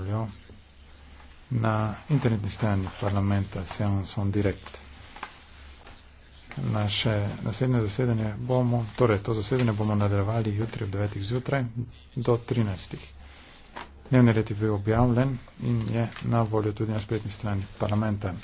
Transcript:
pozivom. Na internetni strani parlamenta Seans on Direct. Naše naslednje zasedanje bomo, torej to zasedanje bomo nadaljevali jutri ob 9. zjutraj do 13. Dnevni red je bil objavljen in je na voljo tudi na spletni strani parlamenta.